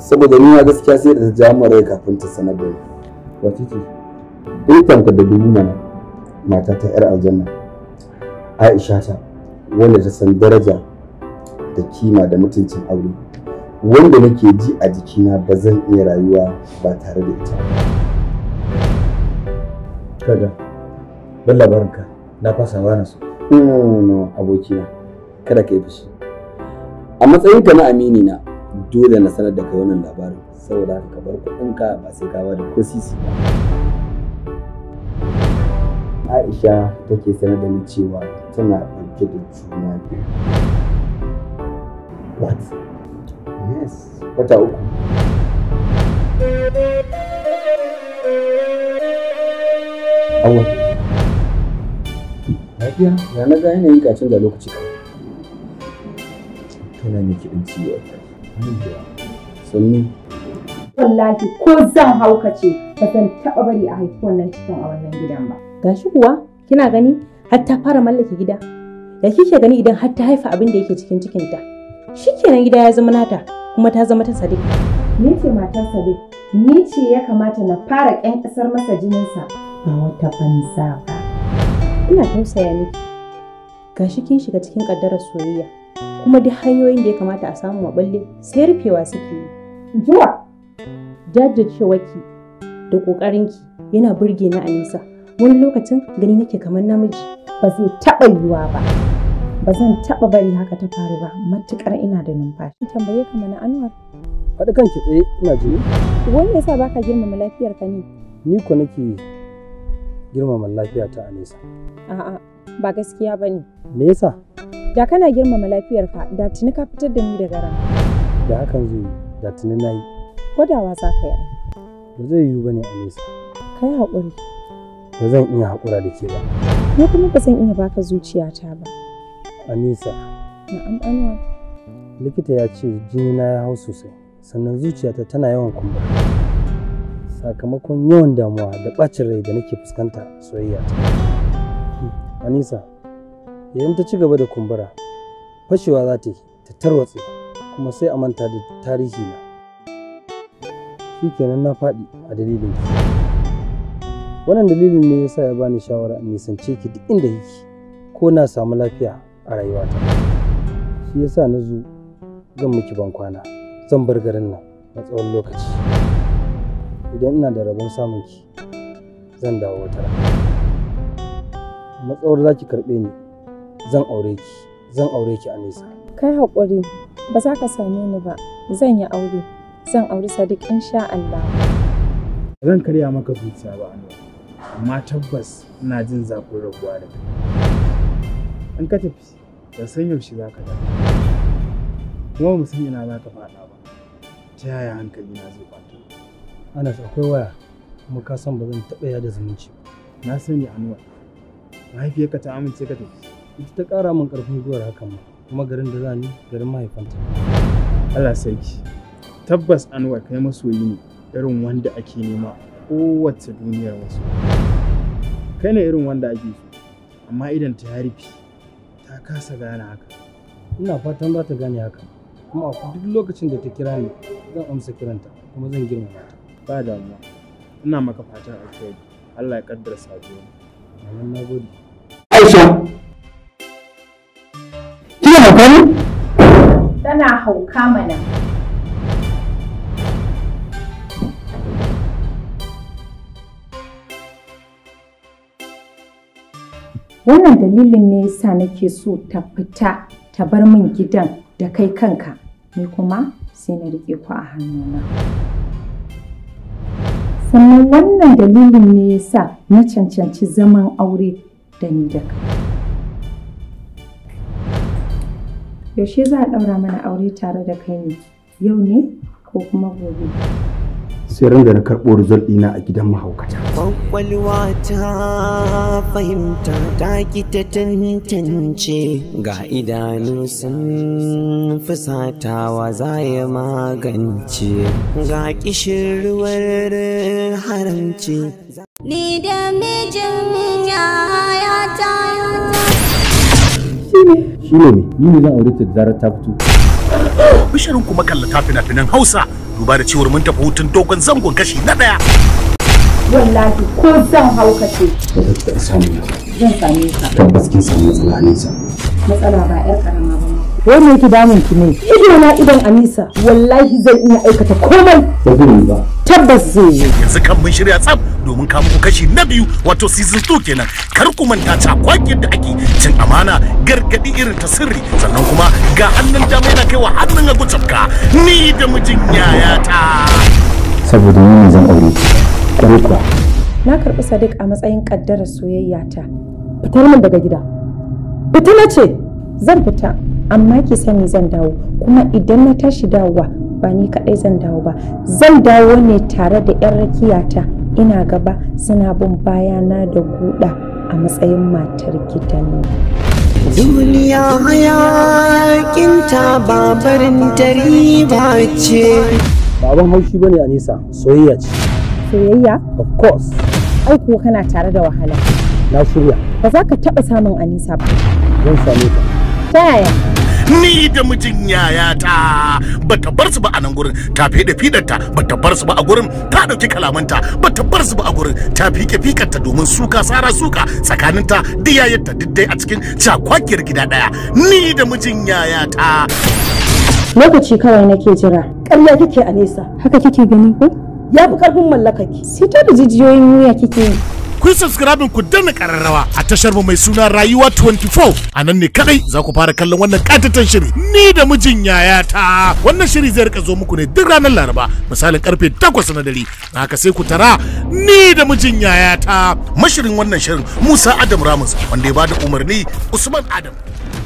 saboda ni ya gaskiya sai da jamu rai kafin ta sanar da ni wace ce ka da dubu mana mata ta yar aljanna Aisha ta wanda ta san daraja da kima da mutuncin aure wanda nake ji a jikina ba zan iya rayuwa ba tare da ita kaga ban labarinka na fasa na su abokina kada ka yi fushi a matsayinka na amini na dole na sanar da kai wannan labarin saboda ka bar kuɗinka ba sai ka ba da ko sisi Aisha take sanar da ni cewa tana ɗauke da juna biyu. What? Yes, wata uku. Awal. Lafiya, ya na ga yanayin kacin da lokaci kawai. Kana ne kiɗin ciwo. sannu wallahi ko zan haukace ba zan taɓa bari a haifi wannan cikin a wannan gidan ba gashi kuwa kina gani har ta fara mallake gida da kike gani idan har ta haifa abin da yake cikin cikinta shikenan gida ya zama nata kuma ta zama ta sadiq ni ce matar sadiq ni ce ya kamata na fara ƙyan ƙasar masa jininsa ba wata banza ba ina tausaya miki gashi kin shiga cikin ƙaddarar soyayya kuma da hanyoyin da ya kamata a samu a balle sai rufewa suke yi zuwa jajircewarki da ƙoƙarinki yana burge ni a nisa wani lokacin gani nake kamar namiji ba zai taɓa yiwuwa ba ba zan taɓa bari haka ta faru ba matuƙar ina da numfashi tambaye ka mana anwar faɗi kanki tsaye ina jini wanda yasa baka girmama lafiyar ka ne ni ko nake girmama lafiyata a nesa a'a ba gaskiya bane me yasa Da kana girmama lafiyarka da tuni ka fitar da ni daga ran. Da hakan zai yi da tuni na yi. Gwadawa za ka yi. Ba zai yiwu ba ne a nesa. Ka yi haƙuri. Ba zan iya haƙura da ke ba. Ni kuma ba zan iya baka zuciyata ba. nesa. Na'am Anwa. Likita ya ce jini na ya hau sosai sannan zuciyata tana yawan kumbura. Sakamakon yawan damuwa da ɓacin rai da nake fuskanta soyayya ta. Hmm, Anisa, idan ta ci gaba da kumbura fashewa za ta yi ta tarwatse kuma sai a manta da tarihi na kenan na faɗi a dalilin ki wannan dalilin ne yasa ya bani shawara in nisance ki duk inda kike ko na samu lafiya a rayuwata shi yasa na zo zan miki ban kwana zan bar garin nan na tsawon lokaci idan ina da rabon samun ki zan dawo wata rana matsawar za ki karɓe ni zan aure ki zan aure ki Anisa kai haƙuri ba za ka same ni ba zan yi aure zan aure, Sadiq insha Allah zan karya maka zuciya ba amma tabbas ina jin zafin rabuwa da kai an ka tafi da san yaushe za ka dawo kuma mu san ina za ka faɗa ba ta yaya hankali na zai kwato Anas akwai waya kuma ka san ba zan taɓa yada zumunci na sani Anwar mahaifiyarka ta amince ka tafi ita ta kara min karfin zuwar hakan ma kuma garin da za ni garin mahaifanta Allah sarki tabbas Anwar kai masoyi ne irin wanda ake nema kowace duniyar wasu kai ne irin wanda ake so amma idan ta rufe ta kasa gane haka ina fatan za ta gane haka kuma a duk lokacin da ta kira ni zan amsa kiranta kuma zan girmama ta ba damuwa ina maka fatan alheri Allah ya kaddara sabuwa. Amin na gode. Tana hauka mana. Wannan dalilin ne yasa nake so ta fita ta bar min gidan da kai kanka, ni kuma sai na riƙe ku a hannuna. Sannan wannan dalilin ne yasa na cancanci zaman aure da ni da kai. yaushe za a ɗaura mana aure tare da kai ne yau ne ko kuma gobe sai ranga da na karɓo result ɗina a gidan mahaukata. Kwakwalwa ta fahimta ta ki ta tantance ga idanu sun fusatawa za ya magance ga ƙishirwar haramci. Ni da mijin yaya ta yata. shi ne mai ni ne zan aure ta da zarar ta fito bisharin kuma ta fina-finan hausa duba da cewar mun tafi hutun dogon zangon kashi na daya wallahi ko zan hau kace ba samu zan same ka tabbas kin samu matsala nesa matsala ba yar wai me yake damun ki ne ido na idan Anisa wallahi zan iya aikata komai da zai ba tabbas zai yi yanzu kan mun shirya tsaf domin kamu ku kashi na biyu wato season 2 kenan kar ku manta ta kwakin da ake cin amana gargadi irin ta sirri sannan kuma ga hannun dama yana kaiwa hannun hagu tsafka ni da mijin yayata saboda ni ne zan aure ki kuwa na karɓi Sadiq a matsayin ƙaddarar soyayya ta fitar min daga gida fita ce zan fita amma ki sani zan dawo kuma idan na tashi dawowa ba ni kaɗai zan dawo ba zan dawo ne tare da 'yan rakiyata ina gaba suna bin bayana da guda a matsayin matar gidan duniya ta babarin ba ce baban haushi bane a nisa soyayya ce soyayya of course ai kuwa kana tare da wahala na shirya ba za ka taɓa samun anisa ba zan same ta ta yaya ni da mijin yayata bata bar su ba a nan gurin ta fede ta bata bar su ba a gurin ta dauki kalamanta bata bar su ba a gurin ta fike ta domin suka sara suka tsakaninta da ta diddai a cikin cakwakiyar gida daya ni da mijin yayata lokaci kawai nake jira ƙarya kike a nesa haka kike gani ko ya fi ƙarfin mallakaki sai ta da jijiyoyin wuya kike yi ku yi subscribe ku danna kararrawa a tashar mu mai suna rayuwa 24 a nan ne kadai za ku fara kallon wannan katatan shiri ni da mijin yayata wannan shiri zai rika zo muku ne duk ranar laraba misalin karfe 8 na dare haka sai ku tara ni da mijin yayata mashirin wannan shirin Musa Adam Ramus wanda ya bada umarni Usman Adam